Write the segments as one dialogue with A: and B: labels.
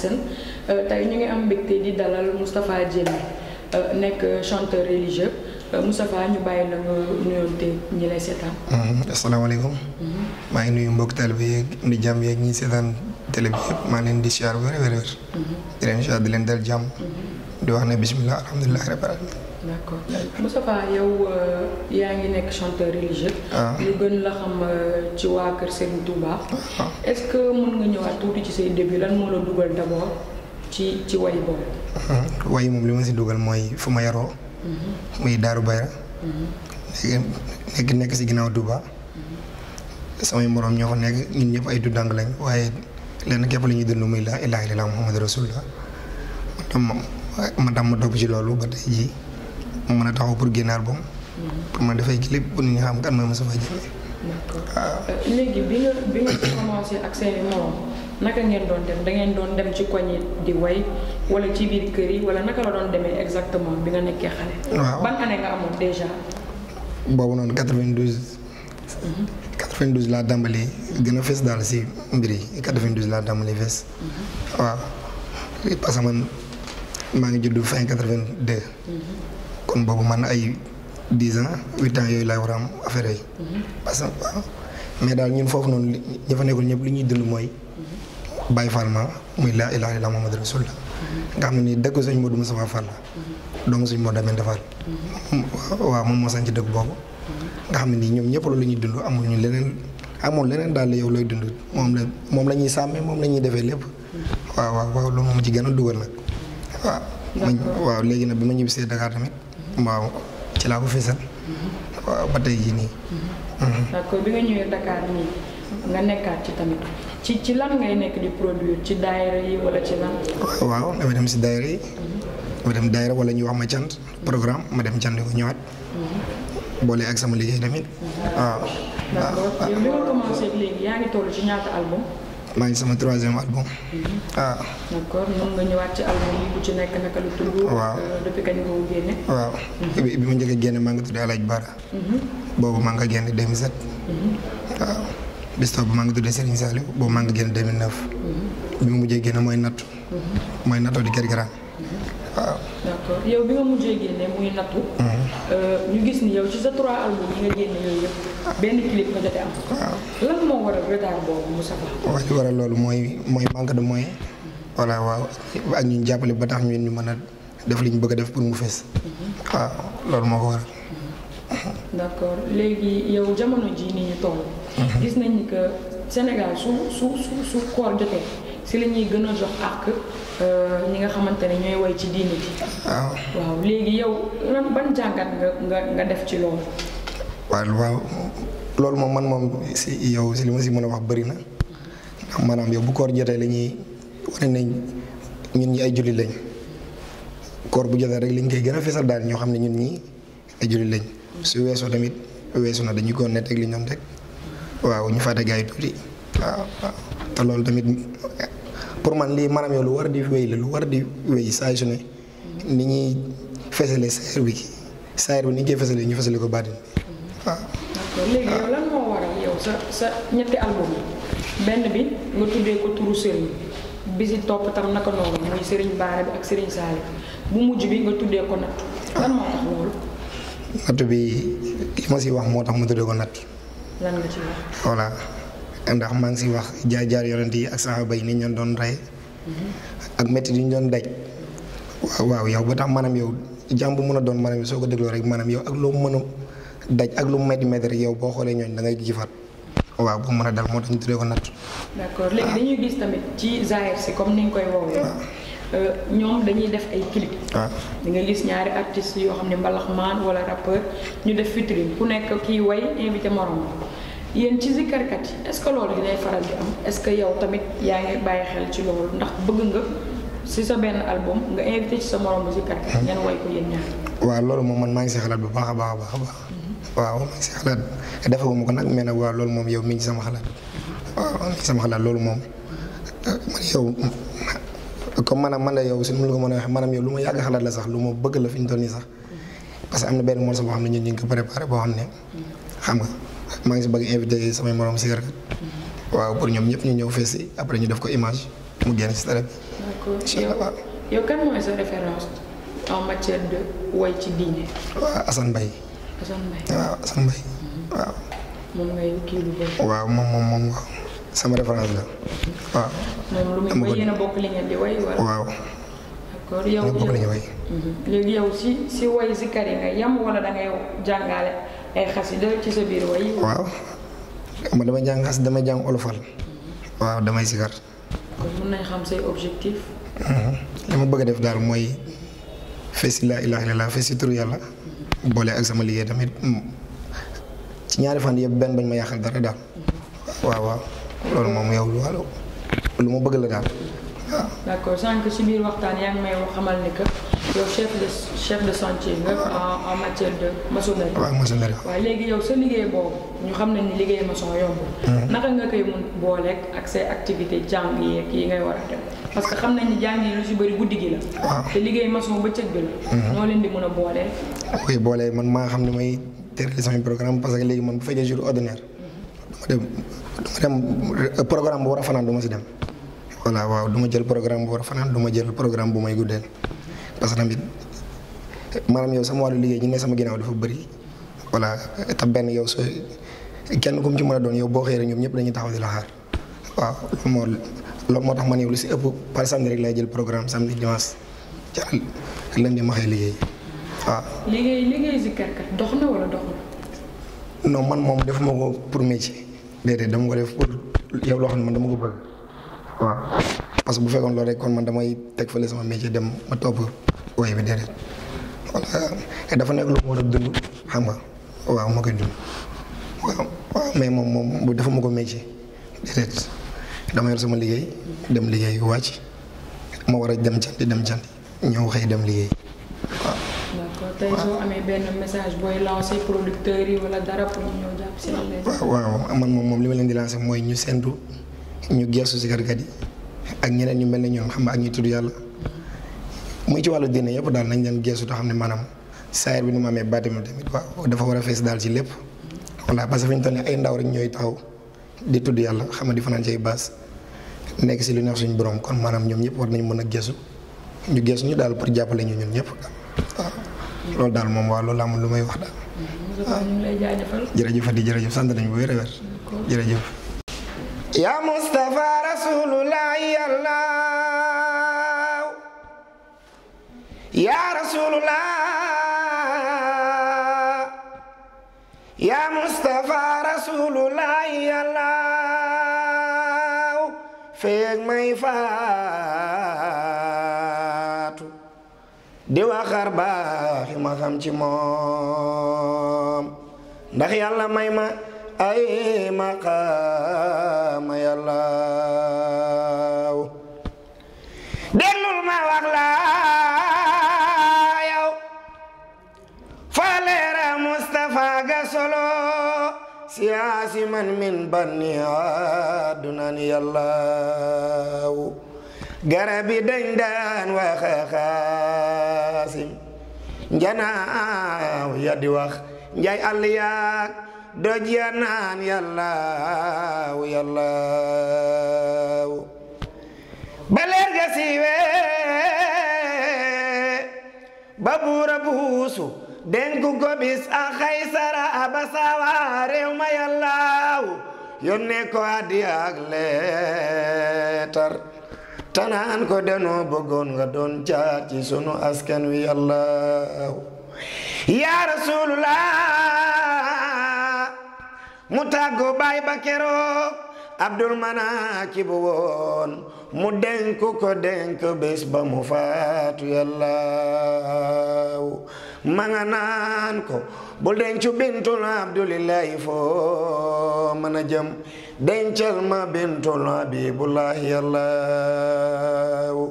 A: Medicine euh, ñu ngi am mbégte di dalal Moustapha Diémé euh, nekk chanteur religieux euh, Moustapha ñu bàyyi la nga nuyoonte ñi lay seetaan.
B: Mhm, asalaamaaleykum. Mhm. maa ngi nuyu mbokk taalibe yeeg di jàmm yeeg ñi seetaan télé maa leen di siyaar wér wér wér. di leen siyaar di leen dal jàmm. Mhm. di wax ne bisimilah alhamdulilah rabbil alamin
A: d'accord Moustapha yow euh, yaa ngi nekk chanteur religieux. Ah. ñu gën la xam euh, ci waa kër Serigne Touba. Ah. est-ce que mën nga ñëwaat tuuti ci say début lan moo la dugal d'abord ci ci way boobu. Ah,
B: way moom li ma si dugal mooy fu ma yaroo.
A: Mhm. muy Darou Bayra. Mhm.
B: nekk nekk si ginnaaw Touba. Mhm. samay morom ñoo fa nekk ñun ñëpp ay tuddang lañ waaye lenn képp la ñuy dund muy la ilaha illallah rasulullah ma ma ci loolu ba tey jii. mu mën a taxaw pour génnaar boobu. pour ma dafay clip pour nit ñi xam kan mooy Moustapha Diémé.
A: waaw euh, léegi bi nga bi nga commencé ak seen morom naka ngeen doon dem da doon dem ci koñ yi di way wala ci biir kër yi wala naka la doon demee exactement bi nga nekkee xale. waaw ban année nga amoon déjà.
B: boobu noonu mhm. laa tàmbali gën a fes daal si mbir yi 92 laa tàmbali fes. Mhm. waaw parce que man maa ngi judd fin 82. kon boobu man ay dix ans huit ans yooyu laay war a am affaire yi. Mhm. parce mais daal ñun foofu noonu ñi fa nekkul ñëpp li ñuy dund mooy. Mhm. Baye Fall ma muy laa ilaaha illallaah Muhammadu Rasulullah mhm. nga xam ne nii dëkk sëñ Modou Moustapha Fall la. doomu sëñ Modou Amine Fall. waaw moom moo sañ ci dëkk nga xam ne nii ñoom ñëpp loolu la ñuy dund amuñu leneen amul leneen daal yow looy dund moom la moom la ñuy sàmmee moom la ñuy defee lépp. waaw waaw waaw loolu moom ci gën a dugal nag. waaw man waaw léegi nag bi ma ñibbisee Dakar tamit. waaw ci la ko pada ini. ba tey jii nii.
A: d'accord bi nga ñëwee Dakar ni nga kan nekkat ci tamit ci ci lan ngay nekk di produire ci wala ci lan.
B: waaw dama dem wala ñu wax ma programme ma dem ko ñëwaat. ak sama liggéey tamit. waaw.
A: d'accord yow bi commencé ngi ci ñaata album.
B: maa ngi sama troisième album. waaw.
A: Mhm. Ah. d' accord nga ñëwaat ci album yi bu ci nekk naka lu tudd. waaw euh, depuis kañ nga génne.
B: waaw mhm. bi bi ma njëkk a génne maa ngi tudd Alaaji Bara. Mhm. boobu maa ngi ko génne 2007. waaw bis toog maa ngi tudd Serigne Saliou boobu maa ngi ko génne 2009. bi ma mujjee génne mooy nattu. mooy nattoo di Kër
A: waaw yow bi nga mujjee génne muy nattu. Euh, ñu gis ni yow ci sa trois album yi nga génne yooyu yëpp. benn clip nga jotee am. waaw lan moo waral retard boobu mu sax la. wax
B: waral loolu mooy mooy manque de moyen. voilà waaw ak ñu jàppale ba tax ñun ñu mën a def li ñu bëgg a def pour mu fees.
A: Mhm.
B: waaw loolu moo ko waral.
A: Mhm. léegi yow jamono ñu toll. Mhm. gis nañ ni que Sénégal su su su su koor jotee si la ñuy gën a jox ak euh, ñi nga xamante ne ñooy way ci diini bi. waaw léegi yow ban jàngat nga nga def ci loolu.
B: waaw waaw loolu moom man moom si yow si li ma si mën a wax bëri na ndax yow bu koor jotee la ñuy wane ne ñun ñi ay julli lañ koor bu jotee rek lañ koy gën a fesal daal ñoo xam ne ñun ñi ay jullit lañ su weesoo tamit weesu na dañu ko ne teg li ñoom teg waaw ñu fàtte gars yi tuuti waaw waaw te loolu tamit pour man lii maanaam yow lu war di wéy la lu war di wéy saa su ne ni ñuy fesale sayer bi sayer bi ni ñu koy fesale ñu fesale ko baatin
A: léegi yow lan moo waral yow sa sa ñetti album band benn bi nga tuddee ko turu sëriñ bi si topp tam naka noonu muy sëriñ Baara bi ak sëriñ Saali bu mujj bi nga tuddee ko natt lan moo tax loolu
B: natt bi li ma si wax moo tax ma tuddee ko natt lan nga ci wax voilà ndax maa ngi si wax jaar jaar yonent yi ak saxaaba yi ni doon rey mhm. ak métti yi ñu doon daj waaw waaw yow ba tax yow mën a doon soo ko dégloo rek yow ak loo mën a daj ak lu mu métti yow boo xoolee ñooñ dangay ngay waaw bu mën a dal moo tax ñu tuddee ko natt.
A: d'accord dañuy comme ni koy woowee. Ah. Euh, ñoom dañuy def ay clip. waaw ah. gis ñaari artistes yoo xam ne mbalaxmaan wala rappeur ñu def featuring ku nekk kii way invité morom yéen ci zikarkat yi est-ce que loolu dinay faral di am est-ce yow tamit yaa ngi bàyyi xel ci loolu ndax bëgg nga si sa benn album nga invité ci sa morom bu zikarkat. ngeen hmm. way ko yéen ñaar.
B: waaw loolu moom man maa ngi si xalaat bu baax a baax a baax. waaw mi ngi si xalaat defaguma ko nag mais nag waaw loolu moom yow mi ngi sama xalaat waaw mi ngi sama xalaat loolu moom man yow comme man a yow si nu la ko mën a waxee maanaam lu ma yàgg xalaat la sax lu ma bëgg la fi ñu toll nii sax parce que am na benn morceau boo xam ne ngi ko préparé boo xam ne xam nga maa ngi si bëgg invité samay morom sikarkat waaw pour ñoom ñëpp ñu ñëw fees si après ñu def ko image mu génn si télé
A: bi sa référence en matière ci diine waaw Assane Assane Mbaye waaw
B: Assane Mbaye waaw.
A: moom ngay kii lu bëri.
B: waaw moom moom moom waaw sama référence hmm. la
A: waaw. moom lu muy way yéen a bokk li ngeen di way wala. waaw. d'accord yow ñu bokk si si si kari nga yam wala da ngay jàngale ay xasida ci sa biir way. waaw
B: man damay jàng xas damay jàng olofal. waaw damay sikar.
A: kon mun nañ xam say objectif.
B: li ma bëgg a def boole ak sama liggéey tamit mm. ci ñaari fan yëpp benn bañ ma yàqal dara daal mm-hmm. waaw waaw loolu moom yow lu ma bëgg la daal.
A: d' accord sànq si biir waxtaan yaa ngi may xamal ni que chef de chef de chantier nga en en de maçonnerie. waaw maçonnerie. waaw léegi yow sa liggéey boobu ñu xam nañ ni liggéey maçon yomb. Hmm. naka nga koy mun booleeg ak say activité jàng yeeg yi ngay war a dem parce que xam nañ ni si bëri guddi gi la. te liggéey maçon bëccëg bi la. Hmm. noo leen di mun a booleel.
B: boolee man maa xam ne may tërali samay programme parce que léegi man bu fekkee jour ordinaire. dama hmm. dem dama ma si dem. voilà waaw duma jël programme bu war fanan duma jël programme bu may guddel parce que tamit manam yow sama walu liggéey ñu ne sama ginaaw dafa bari voilà ta ben yow so kenn ku ci mëna doon yow bo xéere ñom ñep dañuy taxaw di la xaar waaw mo lo motax man yow lu ci ëpp par samedi rek lay jël programme samedi dimanche ca lundi ma xëy liggéey waaw.
A: liggéey liggéey zikkarkat dox na wala dox
B: na non man mom defuma ko pour métier déedéet dama ko def pour yow ya lo xamne man dama ko bëgg waaw. parce bu fekkoon loolu rek kon man damay teg fële sama métier dem ma topp wooy bi déedéet voilà dafa nekk lu ma war a dund xam nga waaw moom moom bu ma ko métier déedéet sama liggéey dem liggéey wàcc ma war a dem dem jandi ñëw dem liggéey waaw. man moom moom li ma leen di mooy ñu séntu ñu gëstu si gargaar yi ak ñeneen ñu melni ne ñoom xam ak ñi tuddu yàlla muy ci wàllu diine yëpp daal nañ leen geesu te xam ne maanaam saayir bi nu mu amee baatim tamit waaw dafa war a fees daal ci lépp voilà parce que fi ñu toll ay ndaw rek ñooy taxaw di tuddu yàlla xam nga di fanaan ci ay baas nekk si lu neex suñu borom kon maanaam ñoom ñëpp war nañ mën a geesu ñu geesu ñu daal pour jàppale ñu ñun ñëpp
A: waaw loolu
B: daal moom waaw loolu amul lu may wax daal.
A: waaw
B: jërëjëf Fadi jërëjëf sant nañ bu wér a wér jërëjëf يا مصطفى رسول الله يا الله يا رسول الله يا مصطفى رسول الله يا الله فيك ما يفاتو di waxar baax yi ma xam ci moom ndax yàlla may ma ay maqam ya law delul ma wax la yow falera mustafa ga solo siasi man min banni adunan ya law garabi dandan wa khasim jana ya di wax njay aliyak doj ya naan yàllaaw yàllaaw ba leer buusu denku ko a xaysara ba saawaa réew ma yàllaaw ko addi ak leetar tanaan ko denoo bëggoon nga doon jaar askan wi yàllaaw yaa mutago bay bakero abdul manaakibu woon mu denk ko denk bes ba mu fatu yàllaaw ya ma nga ko bul denchu bintul abdulillahi fo ma bintul abibullah yàllaaw ya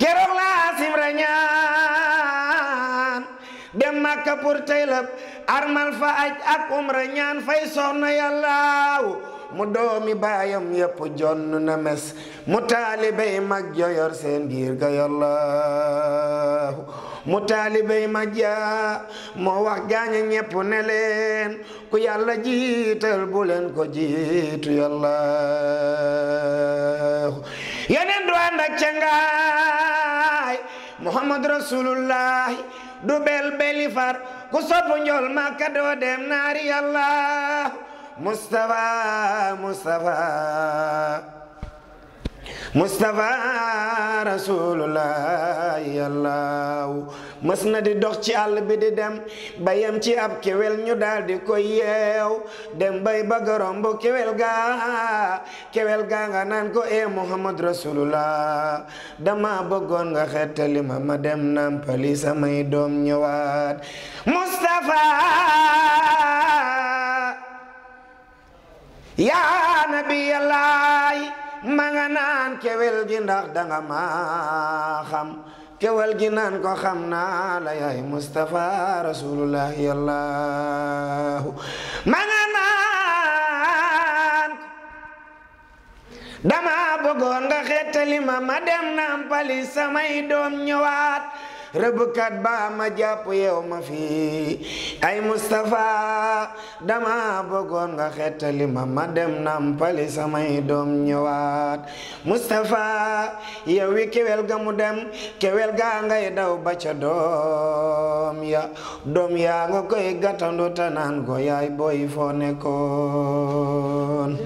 B: kero la sibra dem makka pour armal fa ak umra ñaan fay soxna yàllaaw mu doomi baayam yépp jonn na mes mu taalibey mag joyor seen giir ga yàllaahu mu taalibey mag ja moo wax gaaña ñépp ku yàlla jiital bu ko jiitu yàllaahu yeneen du ànd ak muhammad rasulullahi du bel beli far ku soppu njool Makka doo dem naari yàlla Mustafa Mustafa Mustafa rasulullah yàllaaw mës na di dox ci àll bi di dem ba yem ci ab kewel ñu daal di ko yeew dem bay ba romb kewel gaa kewel gaa nga naan ko ee Muhammad rasulullah dama bëggoon nga xettali ma ma dem nampali samay doom ñëwaat Mustafa yaa nabi nga kewel gi ndax danga maa xam kewel gi ko xam la yaay Mustafa Rasulullah ya ma nga naan dama bëggoon nga xettali ma ma dem pali samay dom ñewat rëbbkat ba ma jàpp yow ma fii ay Mustapha dama bëggoon nga xettali lima ma dem nampali sama doom ñëwaat Mustapha yow wi kewel ga mu dem kewel ga ngay daw ba ca doom ya doom yaa nga koy gàttandu tanaan ko yaay boy foo nekkoon